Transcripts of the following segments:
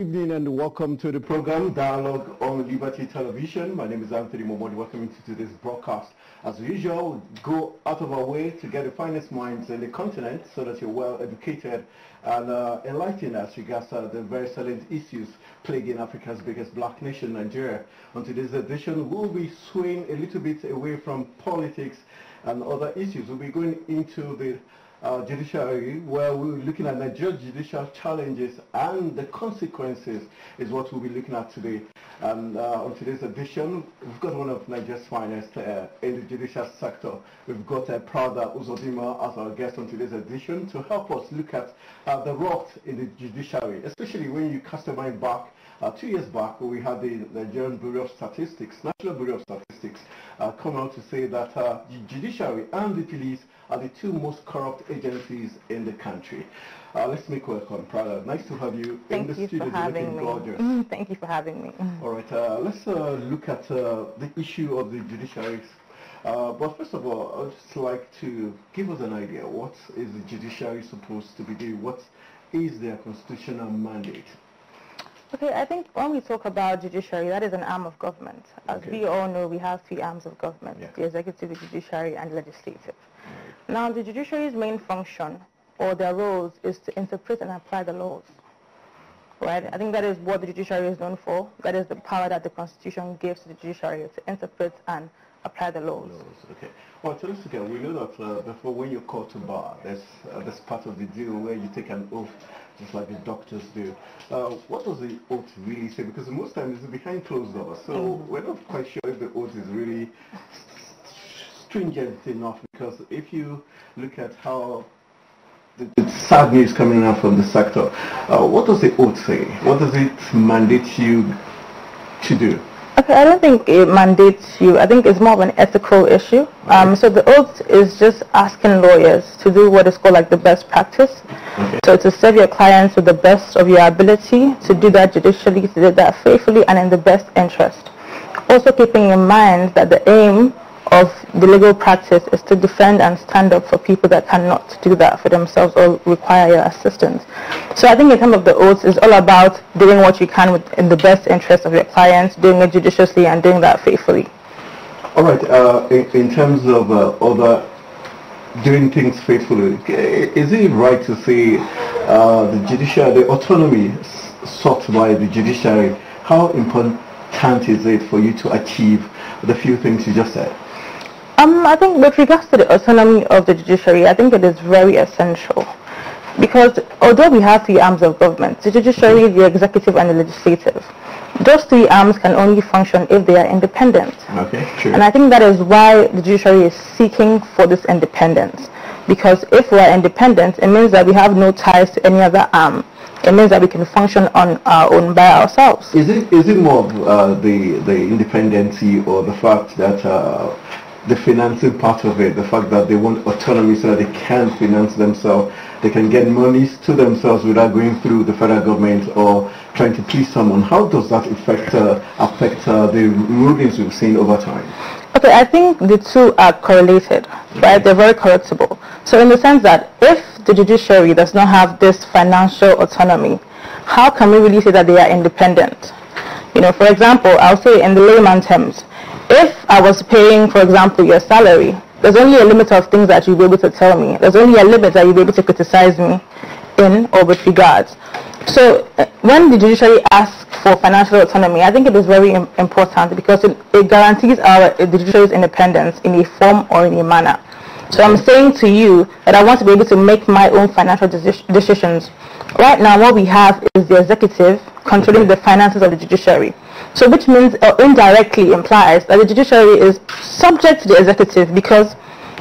Good evening and welcome to the program Dialogue on Liberty Television. My name is Anthony Momodi. Welcome to today's broadcast. As usual, go out of our way to get the finest minds in the continent so that you're well educated and uh, enlightened as regards uh, the very salient issues plaguing Africa's biggest black nation, Nigeria. On today's edition, we'll be swaying a little bit away from politics and other issues. We'll be going into the uh, judiciary where we're looking at Nigeria's judicial challenges and the consequences is what we'll be looking at today. And uh, on today's edition, we've got one of Nigeria's finest uh, in the judicial sector. We've got uh, Prada Uzodima as our guest on today's edition to help us look at uh, the rot in the judiciary, especially when you cast your mind back uh, two years back, we had the Nigerian Bureau of Statistics, National Bureau of Statistics, uh, come out to say that uh, the judiciary and the police are the two most corrupt agencies in the country. Uh, let's make welcome, Prada. Nice to have you Thank in the you studio. For having me. Gorgeous. Mm, thank you for having me. All right, uh, let's uh, look at the issue of the judiciary uh, but first of all, I'd just like to give us an idea. What is the judiciary supposed to be doing? What is their constitutional mandate? Okay, I think when we talk about judiciary, that is an arm of government. As okay. we all know, we have three arms of government, the executive, the judiciary, and legislative. Right. Now, the judiciary's main function, or their roles, is to interpret and apply the laws. Right? I think that is what the judiciary is known for. That is the power that the Constitution gives to the judiciary to interpret and apply the laws. laws. Okay. Well, tell us again, we know that uh, before when you call to bar, there's, uh, there's part of the deal where you take an oath just like the doctors do. Uh, what does the oath really say? Because most times it's behind closed doors, so mm. we're not quite sure if the oath is really stringent enough. Because if you look at how the, the sad news coming out from the sector, uh, what does the oath say? What does it mandate you to do? I don't think it mandates you. I think it's more of an ethical issue. Okay. Um, so the oath is just asking lawyers to do what is called like the best practice. Okay. So to serve your clients with the best of your ability, to do that judicially, to do that faithfully, and in the best interest. Also keeping in mind that the aim of the legal practice is to defend and stand up for people that cannot do that for themselves or require your assistance. So I think in terms of the oaths, it's all about doing what you can with, in the best interest of your clients, doing it judiciously and doing that faithfully. All right. Uh, in, in, terms of uh, other doing things faithfully, is it right to say uh, the judiciary, the autonomy sought by the judiciary, how important is it for you to achieve the few things you just said? Um, I think with regards to the autonomy of the judiciary, I think it is very essential because although we have three arms of government, the judiciary, the executive, and the legislative, those three arms can only function if they are independent. Okay, true. And I think that is why the judiciary is seeking for this independence. Because if we are independent, it means that we have no ties to any other arm. It means that we can function on our own by ourselves. Is it is it more of uh, the the independency or the fact that uh, the financing part of it, the fact that they want autonomy so that they can finance themselves, they can get monies to themselves without going through the federal government or trying to please someone. How does that affect uh, affect uh, the rulings we've seen over time? Okay, I think the two are correlated, right? They're very correctable. So in the sense that if the judiciary does not have this financial autonomy, how can we really say that they are independent? You know, for example, I'll say in the layman terms, if I was paying, for example, your salary, there's only a limit of things that you'll be able to tell me. There's only a limit that you'll be able to criticize me in or with regards. So uh, when the judiciary asks for financial autonomy, I think it is very important because it, it guarantees our the judiciary's independence in a form or in a manner. So I'm saying to you that I want to be able to make my own financial decisions. Right now, what we have is the executive controlling the finances of the judiciary. So which means or uh, indirectly implies that the judiciary is subject to the executive because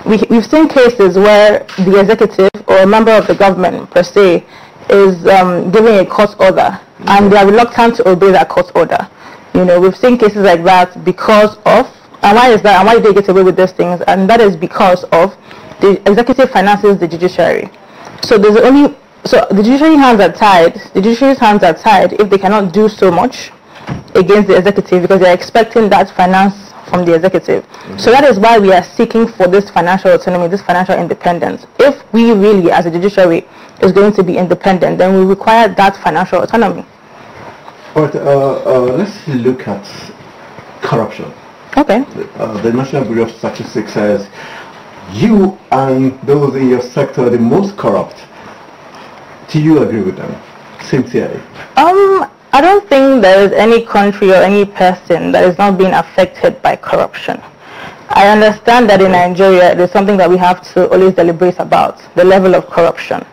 we, have seen cases where the executive or a member of the government per se is um, giving a court order mm -hmm. and they are reluctant to obey that court order. You know, we've seen cases like that because of, and why is that, and why do they get away with these things? And that is because of the executive finances the judiciary. So there's only so the judiciary's hands are tied. The judiciary's hands are tied if they cannot do so much against the executive because they are expecting that finance from the executive. Mm-hmm. So that is why we are seeking for this financial autonomy, this financial independence. If we really, as a judiciary, is going to be independent, then we require that financial autonomy. But uh, uh, let's look at corruption. Okay. Uh, the National Bureau of Statistics says you and those in your sector are the most corrupt. Do you agree with them, sincerely? Um, I don't think there is any country or any person that is not being affected by corruption. I understand that in Nigeria, there's something that we have to always deliberate about, the level of corruption.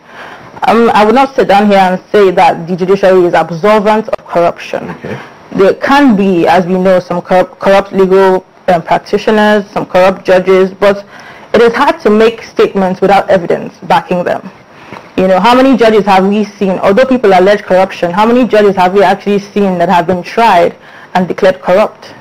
Um, I would not sit down here and say that the judiciary is absolved of corruption. Okay. There can be, as we know, some corrupt, corrupt legal um, practitioners, some corrupt judges, but it is hard to make statements without evidence backing them. You know, how many judges have we seen, although people allege corruption, how many judges have we actually seen that have been tried and declared corrupt?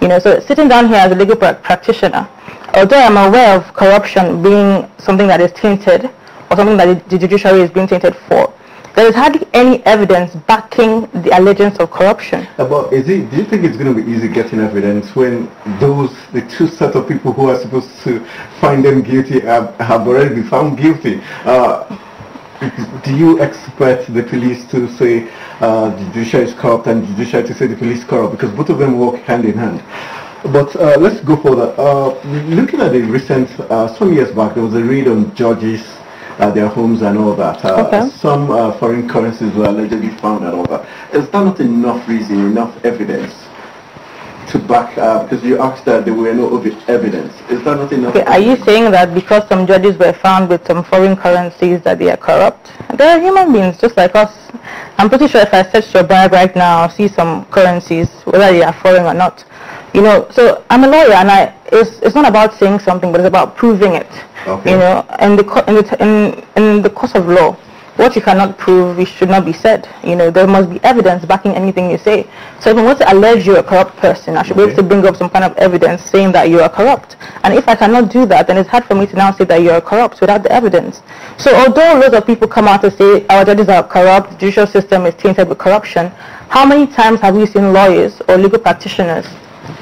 You know, so sitting down here as a legal practitioner, although I'm aware of corruption being something that is tainted or something that the judiciary is being tainted for, there is hardly any evidence backing the allegations of corruption. About uh, is it? Do you think it's going to be easy getting evidence when those the two set of people who are supposed to find them guilty have, have already been found guilty? Uh, do you expect the police to say uh, the judiciary is corrupt and the judiciary to say the police corrupt? Because both of them work hand in hand. But uh, let's go further. Uh, looking at the recent, uh, some years back, there was a raid on judges, uh, their homes and all that. Uh, okay. Some foreign currencies were allegedly found and all that. Is that not enough reason, enough evidence to back uh, because you asked that there were no evidence. Is that not enough? Okay, are you saying that because some judges were found with some foreign currencies that they are corrupt? They are human beings just like us. I'm pretty sure if I search your bag right now, I'll see some currencies, whether they are foreign or not. You know, so I'm a lawyer, and I it's it's not about saying something, but it's about proving it. Okay. You know, in the in the in, in the course of law what you cannot prove it should not be said you know there must be evidence backing anything you say so if i want to allege you're a corrupt person i should okay. be able to bring up some kind of evidence saying that you are corrupt and if i cannot do that then it's hard for me to now say that you're corrupt without the evidence so although lots of people come out to say our judges are corrupt the judicial system is tainted with corruption how many times have we seen lawyers or legal practitioners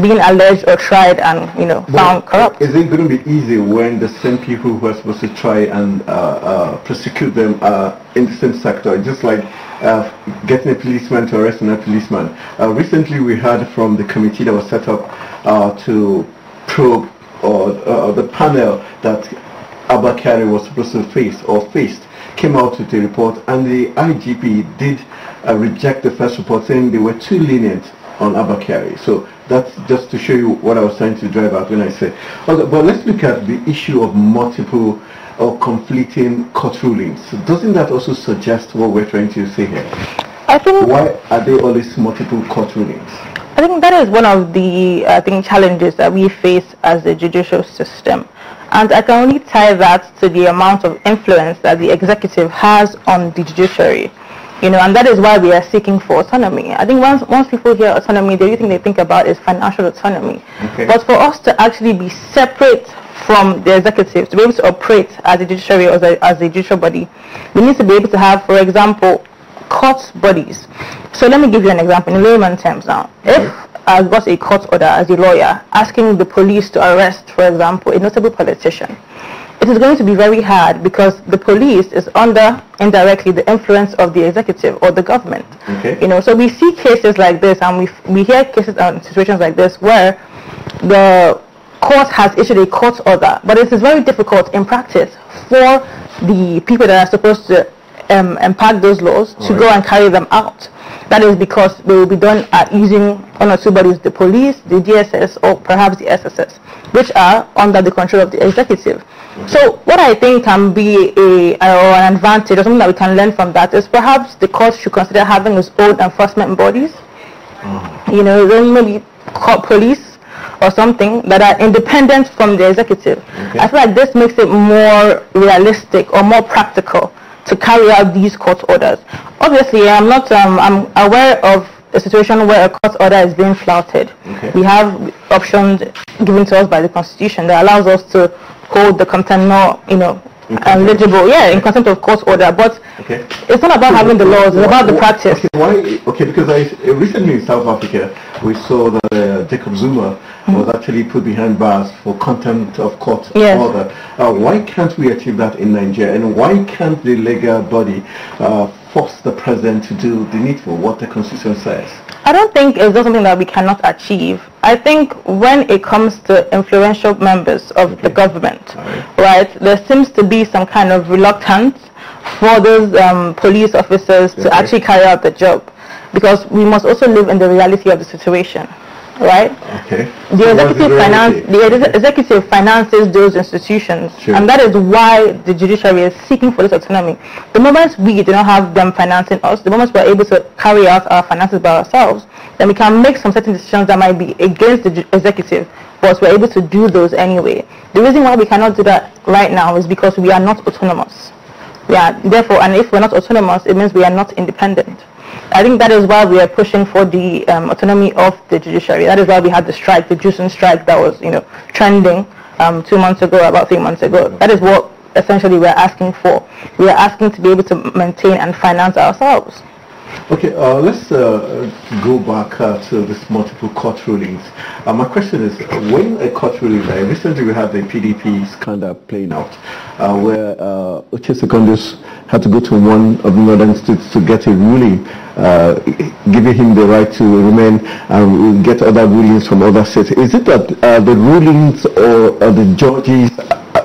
being alleged or tried and you know found corrupt. Is it going to be easy when the same people who are supposed to try and uh, uh, prosecute them are in the same sector? Just like uh, getting a policeman to arrest another policeman. Uh, recently, we heard from the committee that was set up uh, to probe or uh, the panel that Abakari was supposed to face or faced came out with a report and the IGP did reject the first report saying they were too lenient on Abakari. So that's just to show you what I was trying to drive at when I said. Okay, but let's look at the issue of multiple or conflicting court rulings. So doesn't that also suggest what we're trying to say here? I think why are there always multiple court rulings? I think that is one of the I think challenges that we face as the judicial system. And I can only tie that to the amount of influence that the executive has on the judiciary you know, and that is why we are seeking for autonomy. I think once once people hear autonomy, the only thing they think about is financial autonomy. Okay. But for us to actually be separate from the executive, to be able to operate as a judiciary or as a, as a judicial body, we need to be able to have, for example, court bodies. So let me give you an example in layman terms now. Okay. If I got a court order as a lawyer asking the police to arrest, for example, a notable politician, it is going to be very hard because the police is under indirectly the influence of the executive or the government. Okay. You know, so we see cases like this and we, we hear cases and situations like this where the court has issued a court order, but it is very difficult in practice for the people that are supposed to um, impact those laws to right. go and carry them out. That is because they will be done at uh, using one or two bodies, the police, the DSS, or perhaps the SSS which are under the control of the executive. Okay. So what I think can be a, or an advantage or something that we can learn from that is perhaps the court should consider having its own enforcement bodies, mm. you know, then maybe court police or something that are independent from the executive. Okay. I feel like this makes it more realistic or more practical to carry out these court orders. Obviously, I'm not, um, I'm aware of a situation where a court order is being flouted. Okay. We have options given to us by the Constitution that allows us to hold the content not, you know, eligible, yeah, in contempt of court order. But okay. it's not about so having the laws; it's why, about the practice. Okay, why? Okay, because I recently in South Africa we saw that uh, Jacob Zuma mm. was actually put behind bars for contempt of court yes. order. Uh, why can't we achieve that in Nigeria, and why can't the legal body uh, force the president to do the needful, what the constitution says? I don't think it's not something that we cannot achieve. I think when it comes to influential members of okay. the government, right. right. there seems to be some kind of reluctance for those um, police officers okay. to actually carry out the job because we must also live in the reality of the situation right? Okay. The executive finance, the executive finances those institutions, sure. and that is why the judiciary is seeking for this autonomy. The moment we do not have them financing us, the moment we are able to carry out our finances by ourselves, then we can make some certain decisions that might be against the executive, but we're able to do those anyway. The reason why we cannot do that right now is because we are not autonomous. are therefore, and if we're not autonomous, it means we are not independent. I think that is why we are pushing for the um, autonomy of the judiciary. That is why we had the strike, the Jusin strike that was, you know, trending um, two months ago, about three months ago. Mm-hmm. That is what essentially we're asking for. We are asking to be able to maintain and finance ourselves. Okay, uh, let's uh, go back uh, to this multiple court rulings. Uh, my question is, when a court ruling, uh, recently we had the PDP scandal playing out, uh, where uh, Uche Secondus had to go to one of the northern states to get a ruling, uh, giving him the right to remain and get other rulings from other states. Is it that the rulings or, or the judges,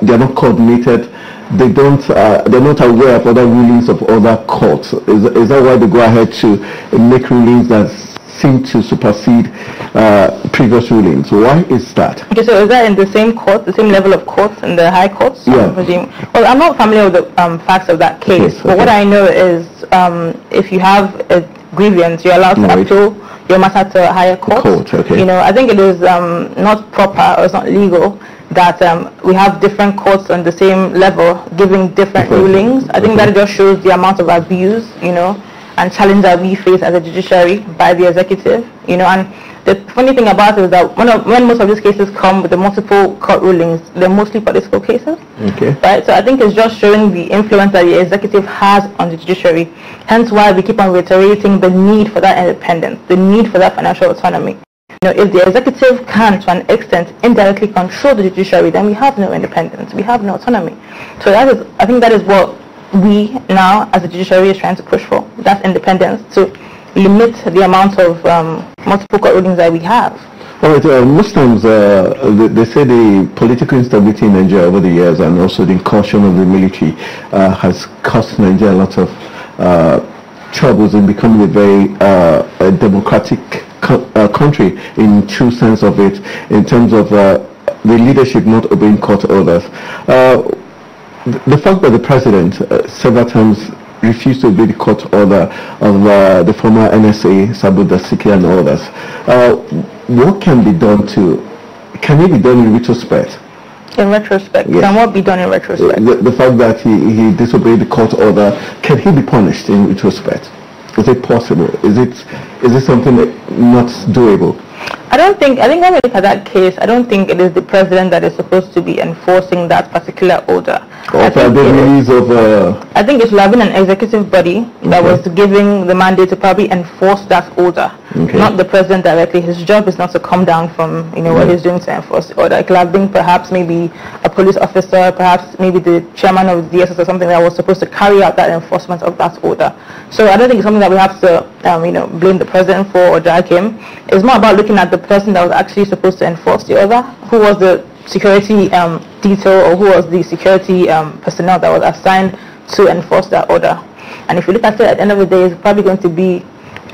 they're not coordinated they don't uh, they're not aware of other rulings of other courts. Is, is that why they go ahead to make rulings that seem to supersede uh, previous rulings? Why is that? Okay, so is that in the same court, the same level of courts in the high courts? Yeah. well, I'm not familiar with the um, facts of that case, yes, okay. but what I know is um, if you have a grievance, you're allowed to right. appeal your matter to a higher court. court okay. You know, I think it is um, not proper or it's not legal that um, we have different courts on the same level giving different okay. rulings. I think okay. that just shows the amount of abuse, you know, and challenge that we face as a judiciary by the executive, you know. And the funny thing about it is that when, when most of these cases come with the multiple court rulings, they're mostly political cases, okay. right? So I think it's just showing the influence that the executive has on the judiciary. Hence why we keep on reiterating the need for that independence, the need for that financial autonomy know, if the executive can, to an extent, indirectly control the judiciary, then we have no independence, we have no autonomy. So that is, I think that is what we now, as a judiciary, is trying to push for. That's independence to limit the amount of um, multiple court rulings that we have. All right, uh, Muslims, uh, they, they, say the political instability in Nigeria over the years and also the incursion of the military uh, has cost Nigeria a lot of uh, troubles in becoming a very uh, democratic co- uh, country in true sense of it, in terms of uh, the leadership not obeying court orders. Uh, the fact that the president uh, several times refused to obey the court order of uh, the former NSA, Sabu Dasiki and others, what can be done to, can it be done in retrospect? In retrospect, yes. can what be done in retrospect? The, the fact that he, he disobeyed the court order, can he be punished in retrospect? Is it possible? Is it is it something that not doable? I don't think, I think when we look at that case, I don't think it is the president that is supposed to be enforcing that particular order. Or for the release of... Uh, I think it should have an executive body that okay. was giving the mandate to probably enforce that order. Okay. Not the president directly. His job is not to come down from you know what he's doing to enforce the order. It perhaps maybe a police officer, perhaps maybe the chairman of the DSS or something that was supposed to carry out that enforcement of that order. So I don't think it's something that we have to um, you know blame the president for or drag him. It's more about looking at the person that was actually supposed to enforce the order, who was the security um, detail or who was the security um, personnel that was assigned to enforce that order. And if you look at it, at the end of the day, it's probably going to be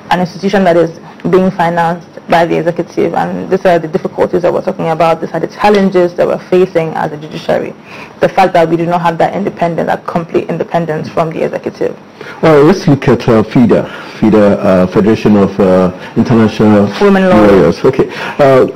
an institution that is being financed by the executive and these are the difficulties that we're talking about, these are the challenges that we're facing as a judiciary. The fact that we do not have that independence, that complete independence from the executive. Well, let's look at uh, FIDA, FIDA uh, Federation of uh, International Women Lawyers. Lawyers. Okay. Uh,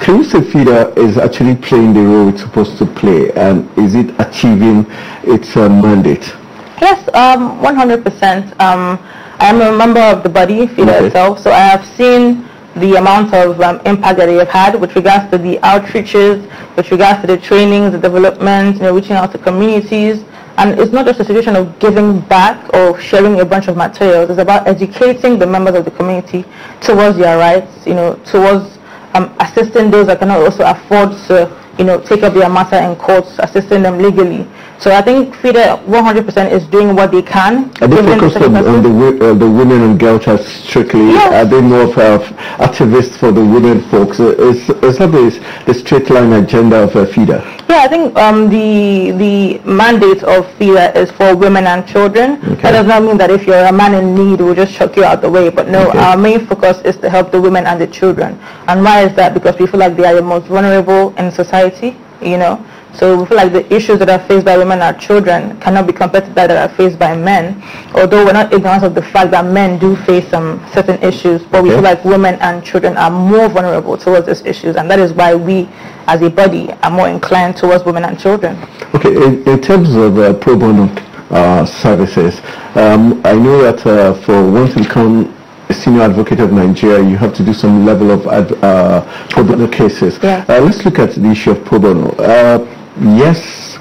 can you say FIDA is actually playing the role it's supposed to play and is it achieving its uh, mandate? Yes, um, 100%. Um, I'm a member of the body, FIDA okay. itself, so I have seen the amount of um, impact that they have had with regards to the outreaches, with regards to the trainings, the development, you know, reaching out to communities. And it's not just a situation of giving back or sharing a bunch of materials. It's about educating the members of the community towards their rights, you know, towards um, assisting those that cannot also afford to, you know, take up their matter in courts, assisting them legally. So I think FIDE 100% is doing what they can. Are they focused on, on, the, uh, the women and girls are strictly? Yes. Are they more of uh, activists for the women folks? Uh, is, is that the, the straight line agenda of uh, FIDA? Yeah, I think um, the the mandate of FIDA is for women and children. Okay. That does not mean that if you're a man in need, we'll just chuck you out the way. But no, okay. our main focus is to help the women and the children. And why is that? Because we feel like they are the most vulnerable in society, you know. So we feel like the issues that are faced by women and children cannot be compared to that that are faced by men. Although we're not ignorant of the fact that men do face some certain issues, but we feel like women and children are more vulnerable towards these issues, and that is why we, as a body, are more inclined towards women and children. Okay, in, in terms of uh, pro bono uh, services, um, I know that uh, for one to become a senior advocate of Nigeria, you have to do some level of ad, uh, pro bono cases. Yeah. Uh, let's look at the issue of pro bono. Uh, yes,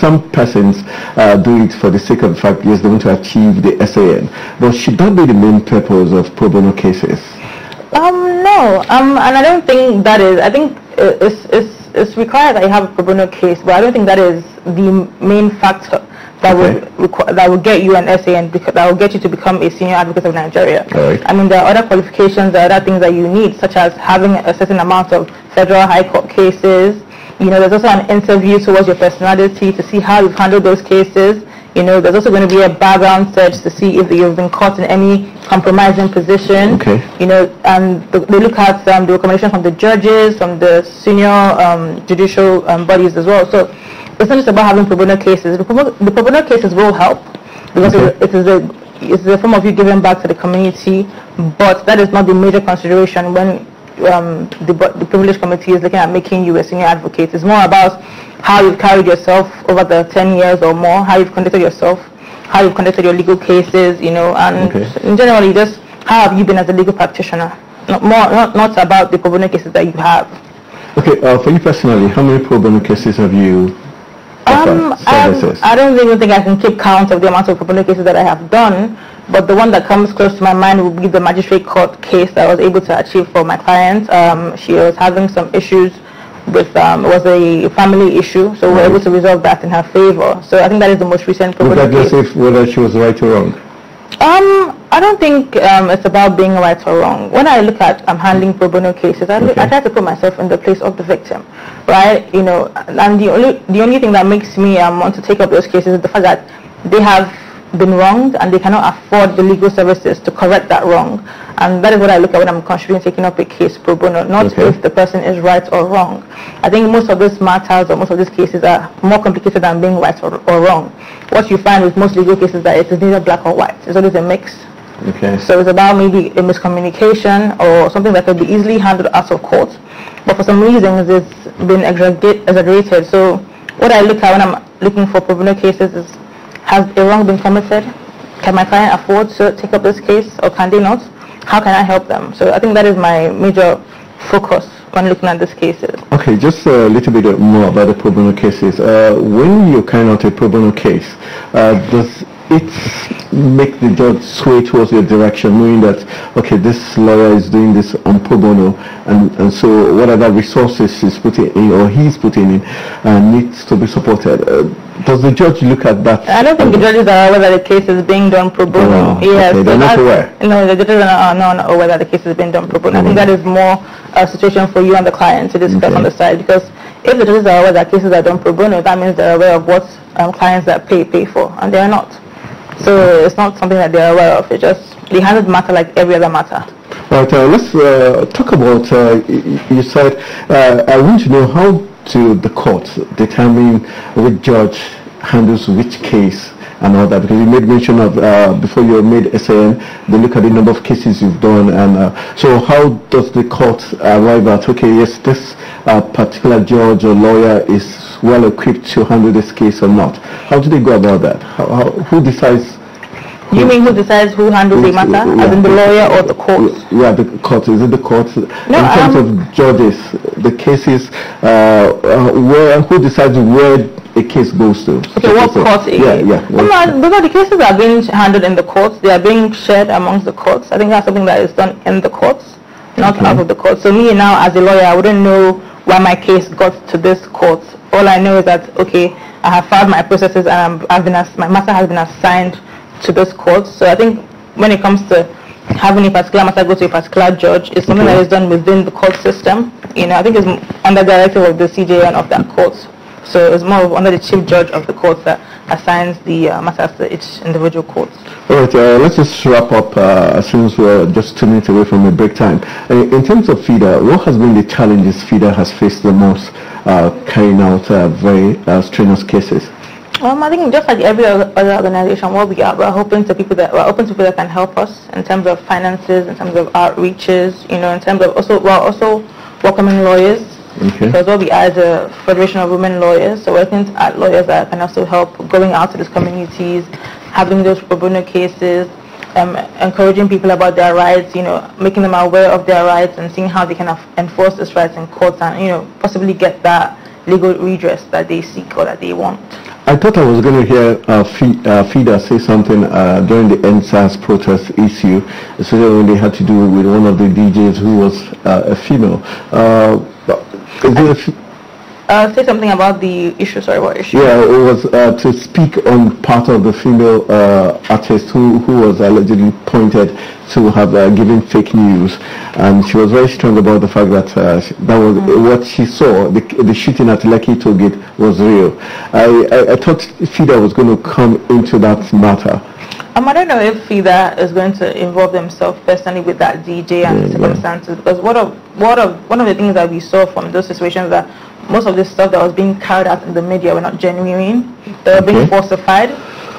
some persons uh, do it for the sake of the fact, yes, they want to achieve the SAN. But should that be the main purpose of pro bono cases? Um, no, um, and I don't think that is. I think it's, it's, it's required that you have a pro bono case, but I don't think that is the main factor that okay. will that will get you an SAN that will get you to become a senior advocate of Nigeria. Right. I mean, there are other qualifications, there are other things that you need, such as having a certain amount of federal high court cases, you know, there's also an interview towards your personality to see how you've handled those cases. You know, there's also going to be a background search to see if you've been caught in any compromising position. Okay. You know, and they look at um, the recommendation from the judges, from the senior um, judicial um, bodies as well. So it's not just about having pro bono cases. The pro, bono cases will help because okay. it is a it's a form of you giving back to the community, but that is not the major consideration when um, the, the Privilege Committee is looking at making you a senior advocate. It's more about how you've carried yourself over the 10 years or more, how you've conducted yourself, how you've conducted your legal cases, you know, and okay. in general, just how have you been as a legal practitioner? Not more, not, not about the pro bono cases that you have. Okay, uh, for you personally, how many pro bono cases have you um, um, I don't even think I can keep count of the amount of pro bono cases that I have done but the one that comes close to my mind would be the magistrate court case that I was able to achieve for my client. Um, she was having some issues with, um, it was a family issue, so we were able to resolve that in her favor. So I think that is the most recent Regardless case. if whether she was right or wrong? Um, I don't think um, it's about being right or wrong. When I look at um, handling pro bono cases, I, look, okay. I try to put myself in the place of the victim, right? You know, and the only the only thing that makes me um, want to take up those cases is the fact that they have been wronged and they cannot afford the legal services to correct that wrong. And that is what I look at when I'm considering taking up a case pro bono, not okay. if the person is right or wrong. I think most of those matters or most of these cases are more complicated than being right or, or wrong. What you find with most legal cases is that it is neither black or white. It's always a mix. Okay. So it's about maybe a miscommunication or something that could be easily handled out of court. But for some reasons, it's been exaggerated. So what I look at when I'm looking for pro bono cases is has a wrong been committed? Can my client afford to take up this case or can they not? How can I help them? So I think that is my major focus when looking at these cases. Okay, just a little bit more about the pro bono cases. Uh, when you carry out a pro bono case, uh, does it makes the judge sway towards your direction, knowing that, okay, this lawyer is doing this on pro bono, and, and so whatever resources she's putting in or he's putting in uh, needs to be supported. Uh, does the judge look at that? I don't think the judges are aware that the case is being done pro bono. Oh, yes, they're not aware. No, the judges are not, aware that the case is being done pro bono. I think mm. that is more a situation for you and the client to discuss okay. on the side because if the judges are aware that cases are done pro bono, that means they're aware of what um, clients that pay pay for, and they are not. So it's not something that they're aware of. It's just they handle the matter like every other matter. Right. Uh, let's uh, talk about. Uh, you said uh, I want to know how to the court determine which judge handles which case and all that because you made mention of uh, before you made SAN they look at the number of cases you've done and uh, so how does the court arrive at okay yes this uh, particular judge or lawyer is well equipped to handle this case or not how do they go about that how, how, who decides you mean who decides who handles the matter, yeah, as in the lawyer or the court? Yeah, the court. Is it the court? No, in terms um, of judges, the cases, uh, uh, where who decides where a case goes to? Okay, what so, court? Yeah, yeah. Well, no, those are the cases that are being handled in the courts. They are being shared amongst the courts. I think that's something that is done in the courts, not okay. out of the court. So me now, as a lawyer, I wouldn't know why my case got to this court. All I know is that okay, I have filed my processes and i have been my matter has been assigned to those courts. So I think when it comes to having a particular matter go to a particular judge it's something okay. that is done within the court system. You know, I think it's under the directive of the CJN of that court. So it's more under the chief judge of the court that assigns the uh, matters to each individual court. All right, uh, let's just wrap up uh, as soon as we're just two minutes away from the break time. Uh, in terms of FIDA, what has been the challenges FIDA has faced the most uh, carrying out uh, very strenuous cases? Um, I think just like every other organization, what we are, we're hoping to people that we're open to people that can help us in terms of finances, in terms of outreaches, you know, in terms of also we're also welcoming lawyers okay. because what we are is a federation of women lawyers, so working at lawyers that can also help going out to these communities, having those pro bono cases, um, encouraging people about their rights, you know, making them aware of their rights and seeing how they can enforce those rights in court and you know possibly get that legal redress that they seek or that they want. I thought I was going to hear uh, F- uh, FIDA say something uh, during the NSAS protest issue, especially when they had to do with one of the DJs who was uh, a female. Uh, uh, say something about the issue. Sorry, what issue? Yeah, it was uh, to speak on part of the female uh, artist who, who was allegedly pointed to have uh, given fake news. And she was very strong about the fact that uh, that was mm. what she saw, the, the shooting at Lucky Togate was real. I, I, I thought FIDA was going to come into that matter. Um, I don't know if FIDA is going to involve themselves personally with that DJ and yeah, circumstances yeah. because what of, what of, one of the things that we saw from those situations that most of the stuff that was being carried out in the media were not genuine. They were being okay. falsified.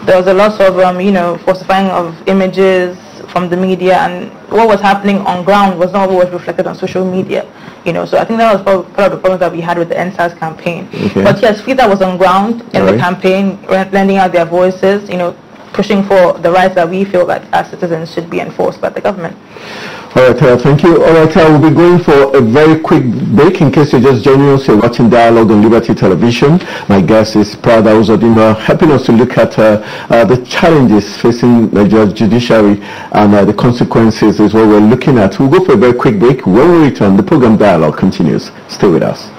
There was a lot of, um, you know, falsifying of images from the media, and what was happening on ground was not always reflected on social media. You know, so I think that was part of the problems that we had with the NSAS campaign. Okay. But yes, FIDA was on ground in the campaign, lending out their voices, you know, pushing for the rights that we feel that as citizens should be enforced by the government. All right, uh, thank you. All right, uh, we'll be going for a very quick break in case you're just joining us. You're watching Dialogue on Liberty Television. My guest is Prada Uzodima, helping us to look at uh, uh, the challenges facing Nigeria's judiciary and uh, the consequences is what we're looking at. We'll go for a very quick break. When we return, the program Dialogue continues. Stay with us.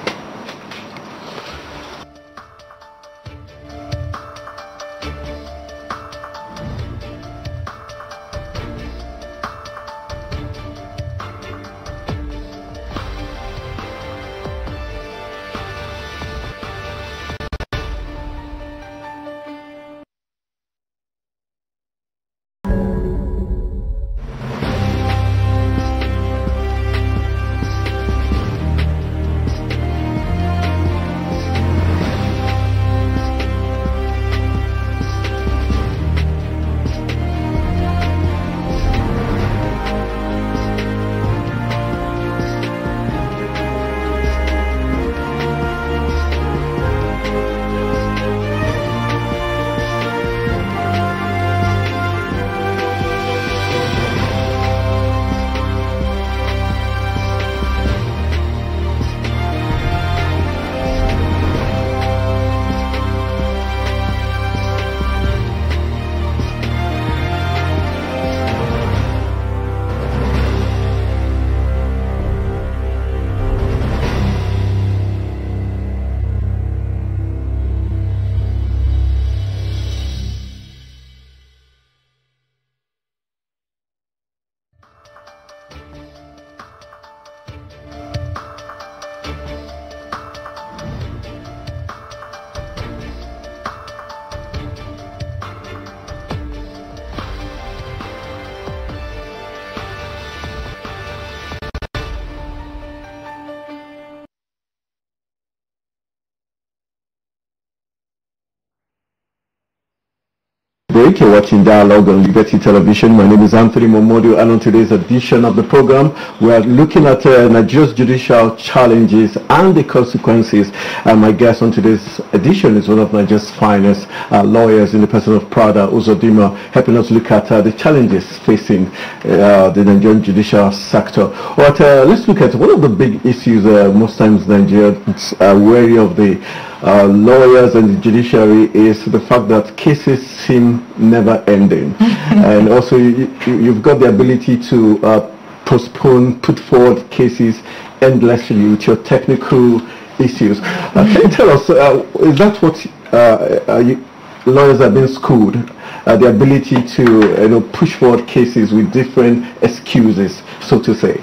break. You're watching Dialogue on Liberty Television. My name is Anthony Momodu and on today's edition of the program we are looking at uh, Nigeria's judicial challenges and the consequences. And my guest on today's edition is one of Nigeria's finest uh, lawyers in the person of Prada Uzodima helping us look at uh, the challenges facing uh, the Nigerian judicial sector. But uh, let's look at one of the big issues uh, most times Nigerians are wary of the uh, lawyers and the judiciary is the fact that cases seem never ending. and also you, have got the ability to uh, postpone, put forward cases endlessly with your technical issues. Uh, can you tell us, uh, is that what uh, uh, you, lawyers have been schooled? the ability to you know, push forward cases with different excuses, so to say?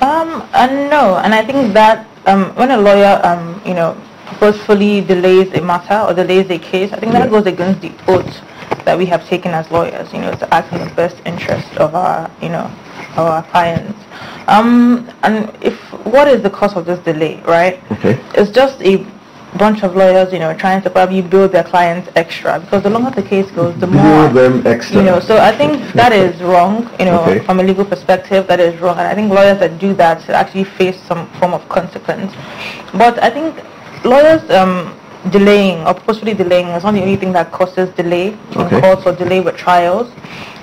Um, uh, no, and I think that um, when a lawyer, um, you know, purposefully delays a matter or delays a case, I think that goes against the oath that we have taken as lawyers, you know, to act in the best interest of our, you know, our clients. Um, and if what is the cause of this delay, right? Okay. It's just a bunch of lawyers, you know, trying to probably build their clients extra because the longer the case goes, the more build them extra. You know, so I think that is wrong. You know, okay. from a legal perspective, that is wrong, and I think lawyers that do that should actually face some form of consequence. But I think lawyers um, delaying or purposefully delaying is not the only thing that causes delay okay. in courts or delay with trials.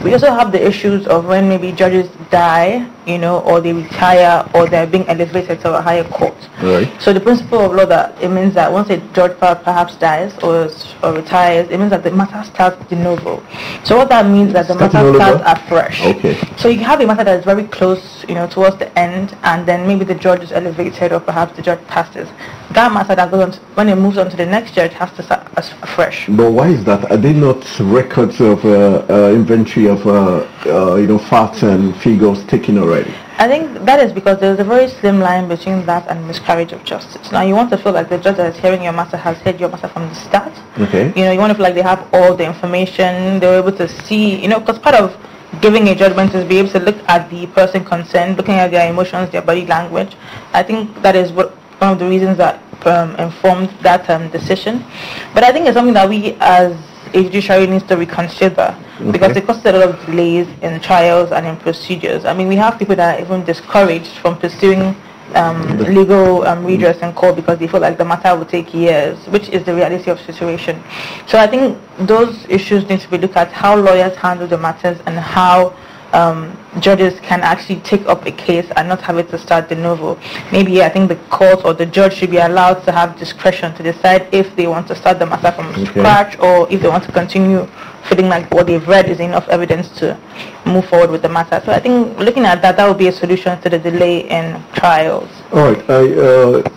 We also have the issues of when maybe judges die, you know, or they retire, or they're being elevated to a higher court. Right. So the principle of law that it means that once a judge perhaps dies or, or retires, it means that the matter starts de novo. So what that means is that the matter starts afresh. Okay. So you have a matter that is very close, you know, towards the end, and then maybe the judge is elevated or perhaps the judge passes that matter that goes on to, when it moves on to the next year, it has to start fresh. But why is that? Are they not records of uh, uh, inventory of uh, uh you know facts and figures taken already? I think that is because there is a very slim line between that and miscarriage of justice. Now you want to feel like the judge that is hearing your matter has heard your matter from the start. Okay. You know you want to feel like they have all the information. They were able to see. You know because part of giving a judgment is be able to look at the person concerned, looking at their emotions, their body language. I think that is what one of the reasons that um, informed that um, decision. But I think it's something that we as a judiciary needs to reconsider okay. because it caused a lot of delays in trials and in procedures. I mean, we have people that are even discouraged from pursuing um, legal um, redress in court because they feel like the matter will take years, which is the reality of the situation. So I think those issues need to be looked at how lawyers handle the matters and how um, judges can actually take up a case and not have it to start de novo. Maybe I think the court or the judge should be allowed to have discretion to decide if they want to start the matter from okay. scratch or if they want to continue feeling like what they've read is enough evidence to move forward with the matter. So I think looking at that, that would be a solution to the delay in trials. All right. I, uh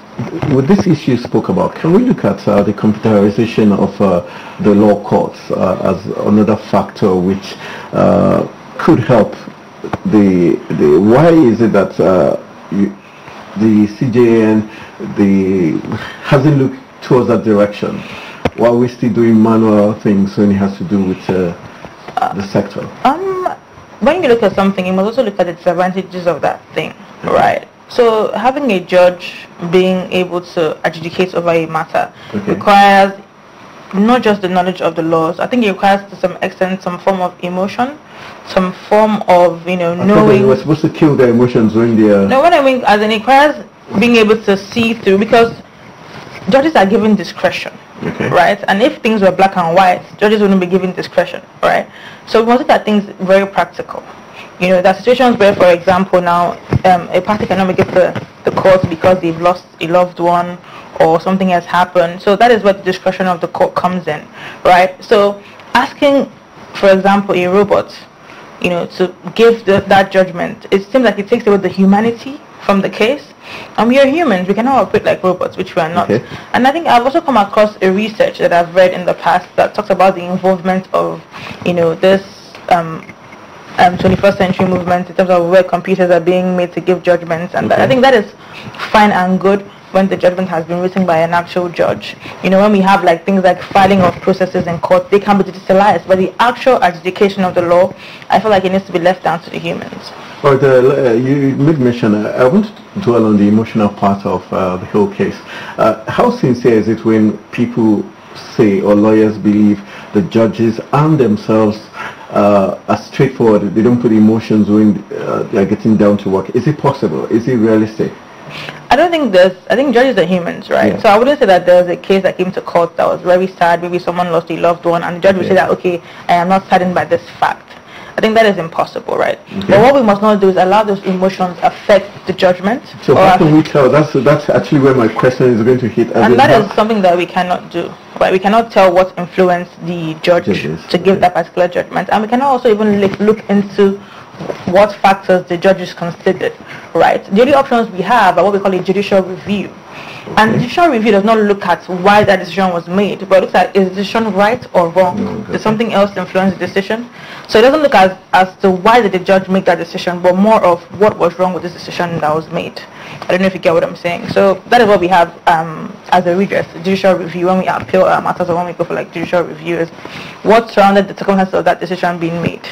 with this issue you spoke about, can we look at uh, the computerization of uh, the law courts uh, as another factor which uh, could help the the why is it that uh, you, the CJN the hasn't looked towards that direction while we're still doing manual things when it has to do with uh, the sector? Um, when you look at something, you must also look at the disadvantages of that thing, mm-hmm. right? So having a judge being able to adjudicate over a matter okay. requires not just the knowledge of the laws. I think it requires to some extent some form of emotion some form of you know I knowing. They were supposed to kill their emotions uh, when they are. No, what I mean as an inquirer, being able to see through because judges are given discretion, okay. right? And if things were black and white, judges wouldn't be given discretion, right? So we must look at things very practical. You know, there are situations where, for example, now um, a party cannot make it to the court because they've lost a loved one or something has happened. So that is where the discretion of the court comes in, right? So asking, for example, a robot you know, to give the, that judgment. It seems like it takes away the humanity from the case. And we are humans. We cannot operate like robots, which we are not. Okay. And I think I've also come across a research that I've read in the past that talks about the involvement of, you know, this um, um, 21st century movement in terms of where computers are being made to give judgments. And okay. that. I think that is fine and good when the judgment has been written by an actual judge. You know, when we have like things like filing of processes in court, they can be digitalized, but the actual adjudication of the law, I feel like it needs to be left down to the humans. But uh, uh you made mention, uh, I want to dwell on the emotional part of uh, the whole case. Uh, how sincere is it when people say or lawyers believe the judges and themselves uh, are straightforward. They don't put emotions when uh, they are getting down to work. Is it possible? Is it realistic? I don't think there's, I think judges are humans, right? Yeah. So I wouldn't say that there was a case that came to court that was very sad. Maybe someone lost a loved one and the judge would say that, okay, I am not saddened by this fact. I think that is impossible, right? Okay. But what we must not do is allow those emotions affect the judgment. So how can we tell? That's that's actually where my question is going to hit. And that is something that we cannot do. Right? We cannot tell what influenced the judge Judges. to give okay. that particular judgment, and we cannot also even look into what factors the judges considered, right? The only options we have are what we call a judicial review. Okay. And judicial review does not look at why that decision was made, but looks at is the decision right or wrong? Mm, okay. Did something else influence the decision? So it doesn't look as, as to why did the judge make that decision, but more of what was wrong with this decision that was made. I don't know if you get what I'm saying. So that is what we have um, as a redress, judicial review. When we appeal uh, matters or when we go for like judicial review is what surrounded the circumstances of that decision being made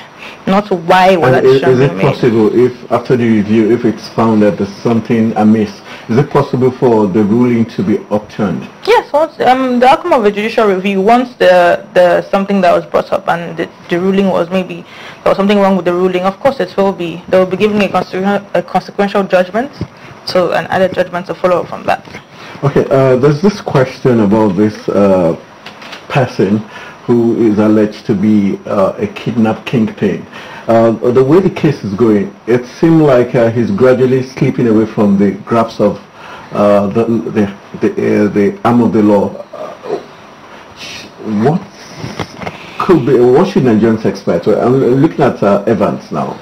not why was and that is, is it made. possible if after the review if it's found that there's something amiss is it possible for the ruling to be overturned? Yes, once um, the outcome of a judicial review, once the, the something that was brought up and the, the ruling was maybe there was something wrong with the ruling, of course it will be they will be giving a, consequential, a consequential judgment, so an added judgment to follow from that. Okay, uh, there's this question about this uh, person who is alleged to be uh, a kidnap kingpin. Uh, the way the case is going, it seems like uh, he's gradually slipping away from the grasp of uh, the the the, uh, the, arm of the law. What could be? What should Nigerians expect? I'm uh, looking at Evans now.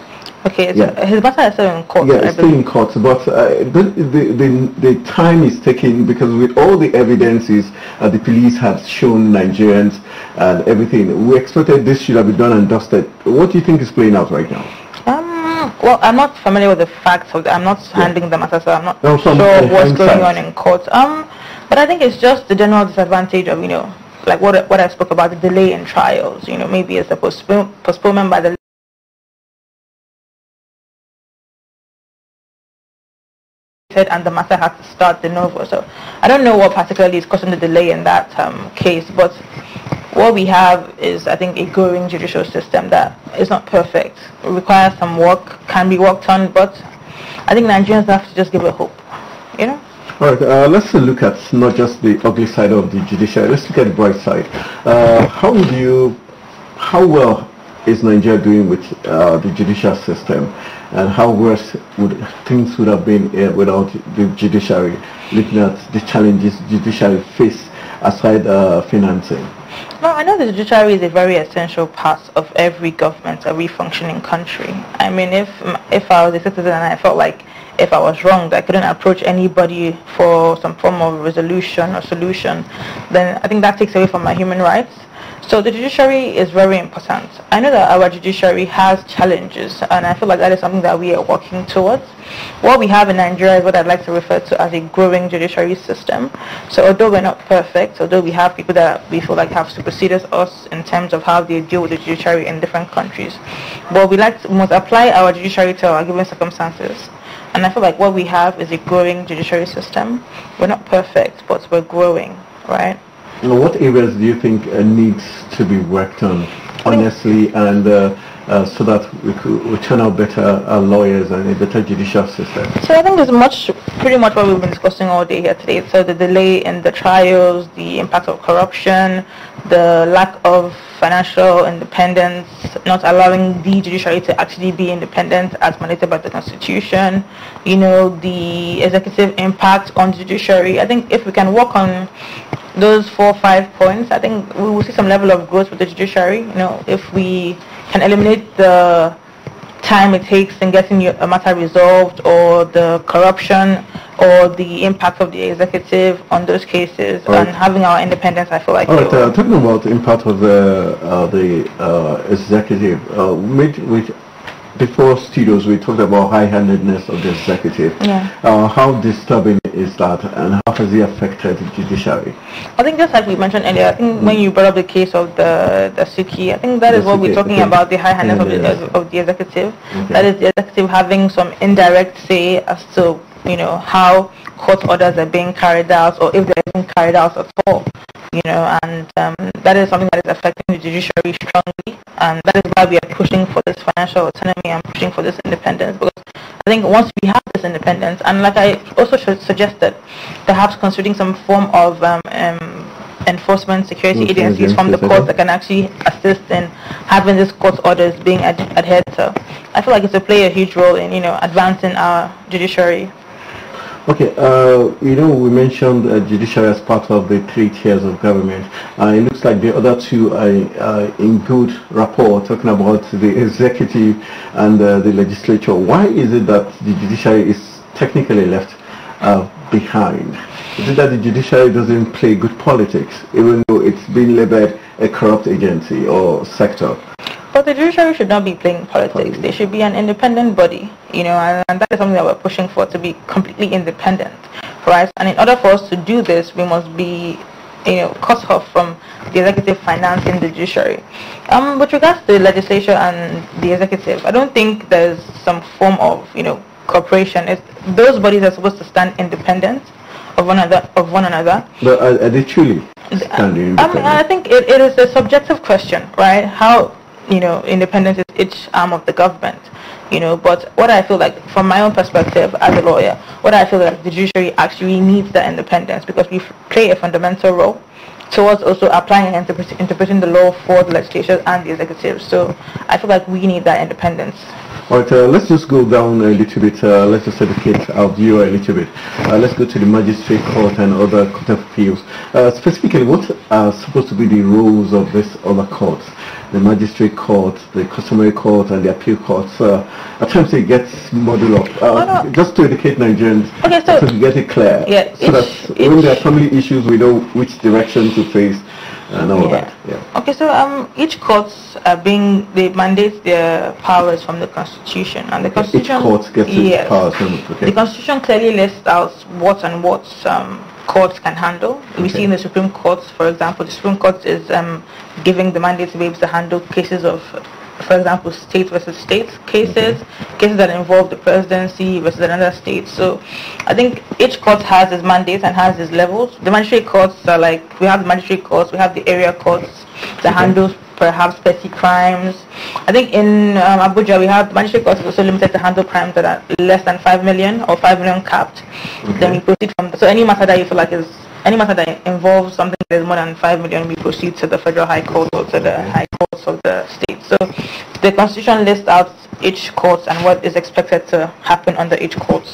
Okay, so yeah. his matter is still in court. Yeah, it's still in court, but uh, the, the, the, the, time is taking because with all the evidences uh, the police have shown Nigerians and uh, everything, we expected this should have been done and dusted. What do you think is playing out right now? Um, well, I'm not familiar with the facts. The, I'm not handling yeah. the matter, so I'm not no, sure what's going on in court. Um, but I think it's just the general disadvantage of, you know, like what, what I spoke about, the delay in trials. You know, maybe it's a postponement by the and the matter has to start de novo. So I don't know what particularly is causing the delay in that um, case, but what we have is, I think, a growing judicial system that is not perfect. It requires some work, can be worked on, but I think Nigerians have to just give it hope, you know? All right, uh, let's look at not just the ugly side of the judiciary, let's look at the bright side. Uh, how do you, how well is Nigeria doing with uh, the judicial system? and how worse would things would have been uh, without the judiciary, looking at the challenges judiciary face aside uh, financing? Well, I know the judiciary is a very essential part of every government, every functioning country. I mean, if if I was a citizen and I felt like if I was wronged, I couldn't approach anybody for some form of resolution or solution, then I think that takes away from my human rights. So the judiciary is very important. I know that our judiciary has challenges, and I feel like that is something that we are working towards. What we have in Nigeria is what I'd like to refer to as a growing judiciary system. So although we're not perfect, although we have people that we feel like have superseded us in terms of how they deal with the judiciary in different countries, but we like to, must apply our judiciary to our given circumstances. And I feel like what we have is a growing judiciary system. We're not perfect, but we're growing, right? what areas do you think uh, needs to be worked on, honestly, and uh, uh, so that we, could, we turn out better uh, lawyers and a better judicial system. So I think there's much, pretty much what we've been discussing all day here today. So the delay in the trials, the impact of corruption, the lack of financial independence, not allowing the judiciary to actually be independent as mandated by the constitution, you know, the executive impact on judiciary. I think if we can work on those four or five points, I think we will see some level of growth with the judiciary, you know, if we can eliminate the time it takes in getting a matter resolved or the corruption or the impact of the executive on those cases right. and having our independence, I feel like. All right, uh, talking about the impact of the, uh, the uh, executive, uh, which, which before studios, we talked about high-handedness of the executive. Yeah. Uh, how disturbing is that, and how has it affected the judiciary? I think just like we mentioned earlier, I think mm. when you brought up the case of the the Suki, I think that the is what we're talking okay. about, the high-handedness yeah, yeah, of, the, of the executive. Okay. That is the executive having some indirect say as to, you know, how court orders are being carried out or if they're being carried out at all you know, and um, that is something that is affecting the judiciary strongly. And that is why we are pushing for this financial autonomy and pushing for this independence because I think once we have this independence, and like I also suggested, perhaps considering some form of um, enforcement security agencies from the courts that can actually assist in having these court orders being ad adhered to. I feel like it's a play a huge role in you know advancing our judiciary. Okay, uh, you know, we mentioned uh, judiciary as part of the three tiers of government. Uh, it looks like the other two are, are in good rapport, talking about the executive and uh, the legislature. Why is it that the judiciary is technically left uh, behind? Is it that the judiciary doesn't play good politics, even though it's been labeled a corrupt agency or sector? But the judiciary should not be playing politics. They should be an independent body, you know, and, and that is something that we're pushing for to be completely independent, right? And in order for us to do this, we must be you know, cut off from the executive financing the judiciary. Um, with regards to the legislature and the executive, I don't think there's some form of, you know, cooperation. It's, those bodies are supposed to stand independent of one another. Of one another. But are, are they truly standing um, independent? I, mean, I think it, it is a subjective question, right? How you know, independence is each arm of the government, you know. But what I feel like, from my own perspective as a lawyer, what I feel like the judiciary actually needs that independence because we play a fundamental role towards also applying and interpreting the law for the legislature and the executive. So I feel like we need that independence. All right, uh, let's just go down a little bit. Uh, let's just educate our viewer a little bit. Uh, let's go to the magistrate court and other court of appeals. Uh, specifically, what are supposed to be the roles of this other courts? The magistrate court, the customary court, and the appeal court? Uh, at times it gets muddled up. Oh, Just to educate Nigerians, okay, so, so to get it clear, yeah, so each, that when each. there are family issues, we know which direction to face. I know yeah. that. Yeah. Okay, so um, each court are uh, being they mandate their powers from the constitution, and the constitution. Each court gets yes, powers. Okay. The constitution clearly lists out what and what um, courts can handle. Okay. We see in the Supreme Court, for example, the Supreme Court is um, giving the mandate to be able to handle cases of for example, state versus state cases, okay. Mm-hmm. cases that involve the presidency versus another state. So I think each court has its mandates and has its levels. The magistrate courts are like, we have the magistrate courts, we have the area courts that okay. perhaps petty crimes. I think in um, Abuja we have the magistrate courts also limited to handle crimes that are less than 5 million or 5 million capped. Okay. Then we proceed from, so any matter that you feel like is any matter that involves something that is more than 5 million, we proceed to the Federal High Court or to the High Courts of the state. So the Constitution lists out each court and what is expected to happen under each court.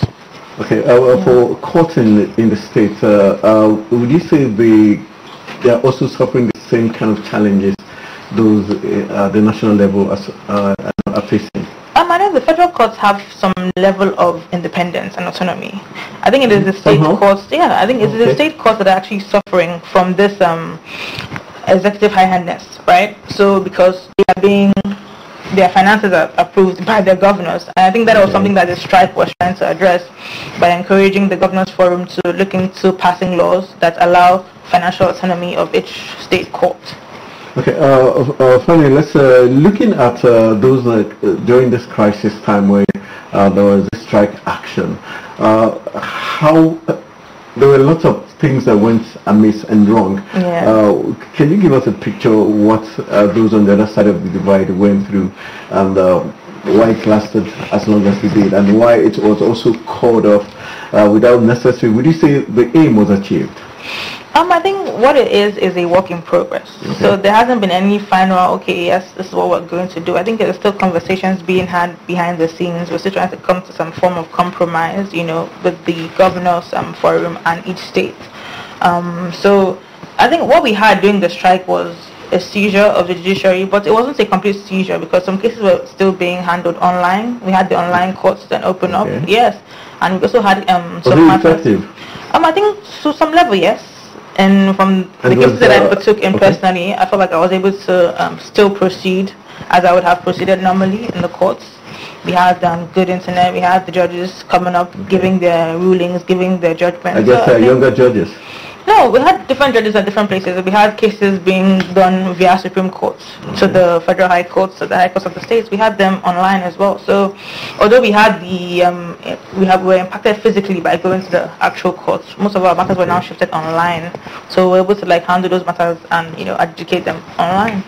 Okay, uh, for courts in, in the state, uh, uh, would you say they, they are also suffering the same kind of challenges those at uh, the national level as, uh, are facing? Um, I know the federal courts have some level of independence and autonomy. I think it is the state uh-huh. courts. Yeah, I think it's okay. the state courts that are actually suffering from this um, executive high-handedness, right? So because they are being their finances are approved by their governors. And I think that was something that the strike was trying to address by encouraging the governors forum to look into passing laws that allow financial autonomy of each state court. Okay, uh, uh, finally, let's uh, looking at uh, those uh, during this crisis time where uh, there was a strike action. how there were lots of things that went amiss and wrong. Yeah. can you give us a picture of what those on the other side of the divide went through, and why it lasted as long as it did, and why it was also called off without necessary? Would you say the aim was achieved? Um, I think what it is is a work in progress. Okay. So there hasn't been any final, oh, okay, yes, this is what we're going to do. I think there's still conversations being had behind the scenes. We're still trying to come to some form of compromise, you know, with the governors um, forum and each state. Um, so I think what we had during the strike was a seizure of the judiciary, but it wasn't a complete seizure because some cases were still being handled online. We had the online courts then open okay. up, yes, and we also had um, some matters. Effective? Um, I think to some level, yes. And from and the cases that I partook in okay. personally, I felt like I was able to um, still proceed as I would have proceeded normally in the courts. We had um, good internet. We had the judges coming up, okay. giving their rulings, giving their judgments. I guess so uh, I younger judges. No, we had different judges at different places. We had cases being done via Supreme Courts mm-hmm. to the Federal High Courts, to the High Courts of the states. We had them online as well. So, although we had the um, we have were impacted physically by going to the actual courts, most of our matters were now shifted online. So we're able to like handle those matters and you know educate them online.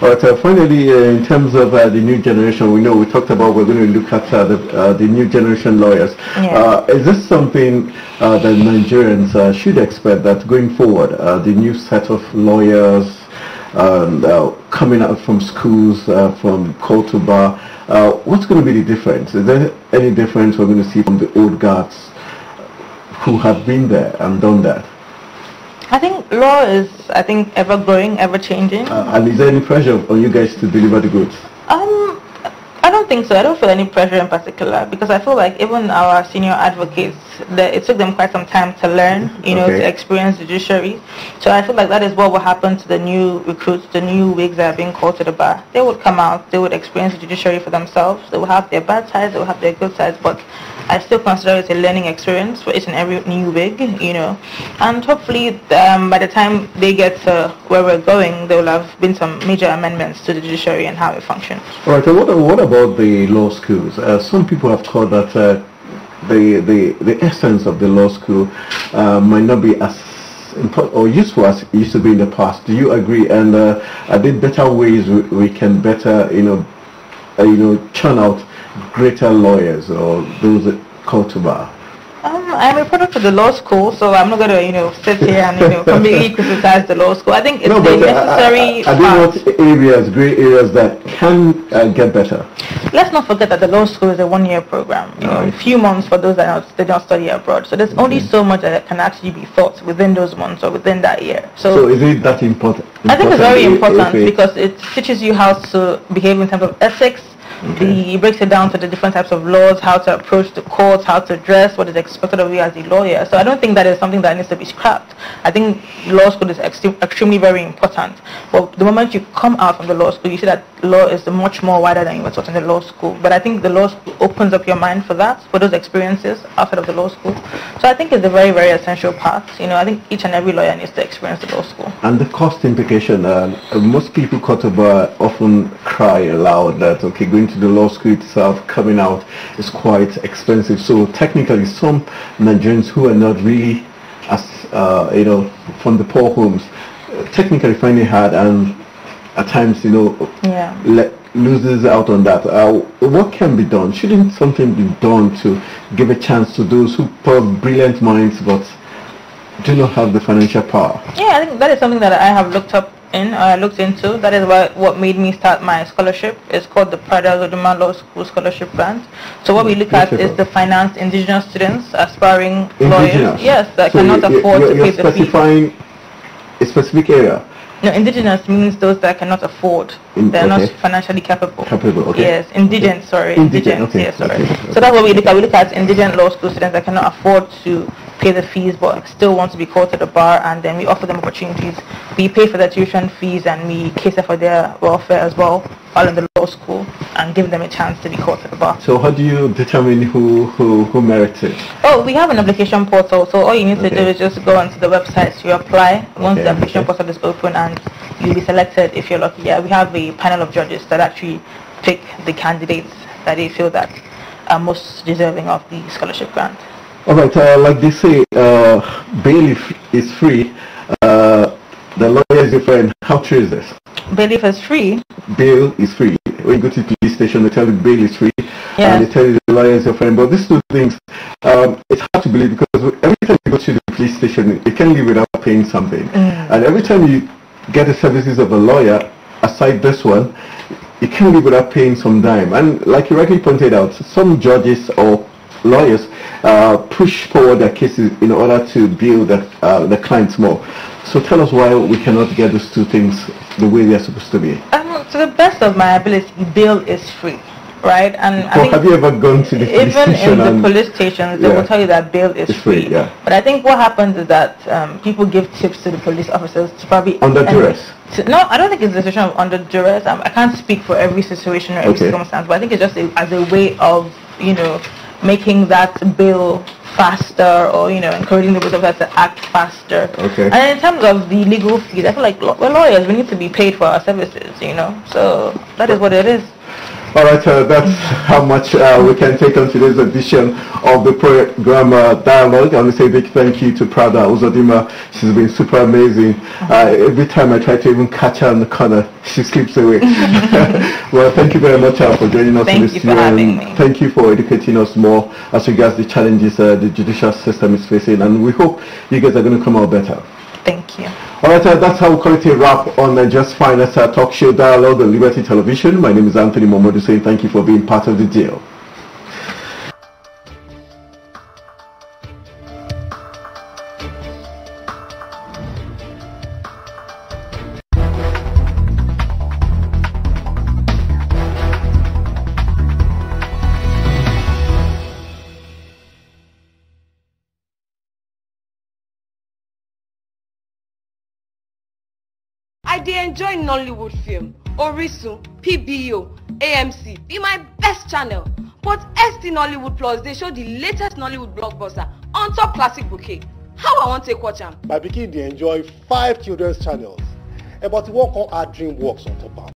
But uh, finally, uh, in terms of uh, the new generation, we know we talked about we're going to look at the, uh, the new generation lawyers. Uh, is this something uh, that Nigerians should expect that going forward, the new set of lawyers um, coming out from schools, from court to bar, what's going to be the difference? Is there any difference we're going to see from the old guards who have been there and done that? I think law is, I think, ever growing, ever changing. Uh, and is there any pressure on you guys to deliver the goods? Um, I don't think so. I don't feel any pressure in particular because I feel like even our senior advocates, that it took them quite some time to learn, you know, okay. to experience the judiciary. So I feel like that is what will happen to the new recruits, the new wigs that are being called to the bar. They would come out, they would experience the judiciary for themselves. They will have their bad sides, they will have their good sides, but I still consider it a learning experience for each and every new big, you know. And hopefully, um, by the time they get to where we're going, there will have been some major amendments to the judiciary and how it functions. All right. And what, what about the law schools? Uh, some people have thought that uh, the, the, the essence of the law school uh, might not be as or useful as it used to be in the past. Do you agree? And uh, are there better ways we, we can better, you know, uh, you know, churn out greater lawyers or those at court Um, I'm a product of the law school, so I'm not going to, you know, sit here and, you know, completely criticize the law school. I think it's no, but, uh, necessary uh, uh I, I, I think what areas, grey areas that can uh, get better. Let's not forget that the law school is a one-year program, you know, a few months for those that they don't study abroad. So there's mm-hmm. only so much that can actually be taught within those months or within that year. So, so is it that important? important I think it's very important because it teaches you how to behave in terms of ethics, Okay. He breaks it down to the different types of laws, how to approach the courts, how to dress, what is expected of you as a lawyer. So I don't think that is something that needs to be scrapped. I think law school is extremely very important. But the moment you come out from the law school, you see that law is much more wider than you were taught in the law school. But I think the law school opens up your mind for that, for those experiences outside of the law school. So I think it's a very, very essential part. You know, I think each and every lawyer needs to experience the law school. And the cost implication, uh, most people caught about often cry aloud that, okay, going to the law school itself, coming out is quite expensive. So technically some Nigerians who are not really as, uh, you know, from the poor homes, uh, technically find it hard and at times, you know, yeah. loses out on that. Uh, what can be done? Shouldn't something be done to give a chance to those who have brilliant minds but do not have the financial power? Yeah, I think that is something that I have looked up in, I uh, looked into. That is why, what made me start my scholarship. It's called the Prada Zoduma Law School Scholarship Grant. So what we look at is the finance indigenous students, aspiring indigenous. lawyers, yes, that so cannot you, afford you're, you're to pay the fee. specifying a specific area. No, indigenous means those that cannot afford. They're okay. not financially capable. Capable, okay. Yes, indigent, okay. sorry. Indigent, indigent okay. yes, sorry. So that's what we look at. We look at indigent law school students that cannot afford to pay the fees but still want to be called to the bar and then we offer them opportunities. We pay for their tuition fees and we cater for their welfare as well while in the law school and give them a chance to be called to the bar. So how do you determine who, who, who merits it? Oh, we have an application portal so all you need okay. to do is just go onto the website to apply once okay, the application okay. portal is open and you'll be selected if you're lucky. Yeah, we have a panel of judges that actually pick the candidates that they feel that are most deserving of the scholarship grant. All right, uh, like they say, uh, bail is free. Uh, the lawyer is your friend. How true is this? Bailiff is free. Bail is free. When you go to the police station, they tell you bail is free. Yeah. And they tell you the lawyer is your friend. But these two things, um, it's hard to believe because every time you go to the police station, you can not leave without paying something. Mm. And every time you get the services of a lawyer, aside this one, you can leave without paying some dime. And like you rightly pointed out, some judges or lawyers uh, push forward their cases in order to build the, uh, the clients more. So tell us why we cannot get those two things the way they are supposed to be. Um, to the best of my ability, bail is free, right? And well, have you ever gone to the police even station in the police stations, they yeah, will tell you that bail is free. free. Yeah. But I think what happens is that um, people give tips to the police officers to probably under duress. To, no, I don't think it's a situation of under duress. I can't speak for every situation or every okay. circumstance, but I think it's just a, as a way of you know making that bill faster or, you know, encouraging the Board to act faster. Okay. And in terms of the legal fees, I feel like we're lawyers. We need to be paid for our services, you know. So that is what it is. All right, uh, that's how much uh, we can take on today's edition of the program uh, Dialogue. I want to say a big thank you to Prada Uzodima. She's been super amazing. Uh, every time I try to even catch her in the corner, she slips away. well, thank you very much uh, for joining us thank in Thank you for educating us more as regards the challenges uh, the judicial system is facing. And we hope you guys are going to come out better. Thank you. All right, uh, that's our quality wrap on the uh, Just Finance uh, Talk Show Dialogue on Liberty Television. My name is Anthony Momodu saying thank you for being part of the deal. enjoy Nollywood film, Orisun, PBO, AMC be my best channel. But ST Nollywood Plus they show the latest Nollywood blockbuster on top classic bouquet. How I want to watch am? My pikin dey enjoy five children's channels, about one come add works on top am.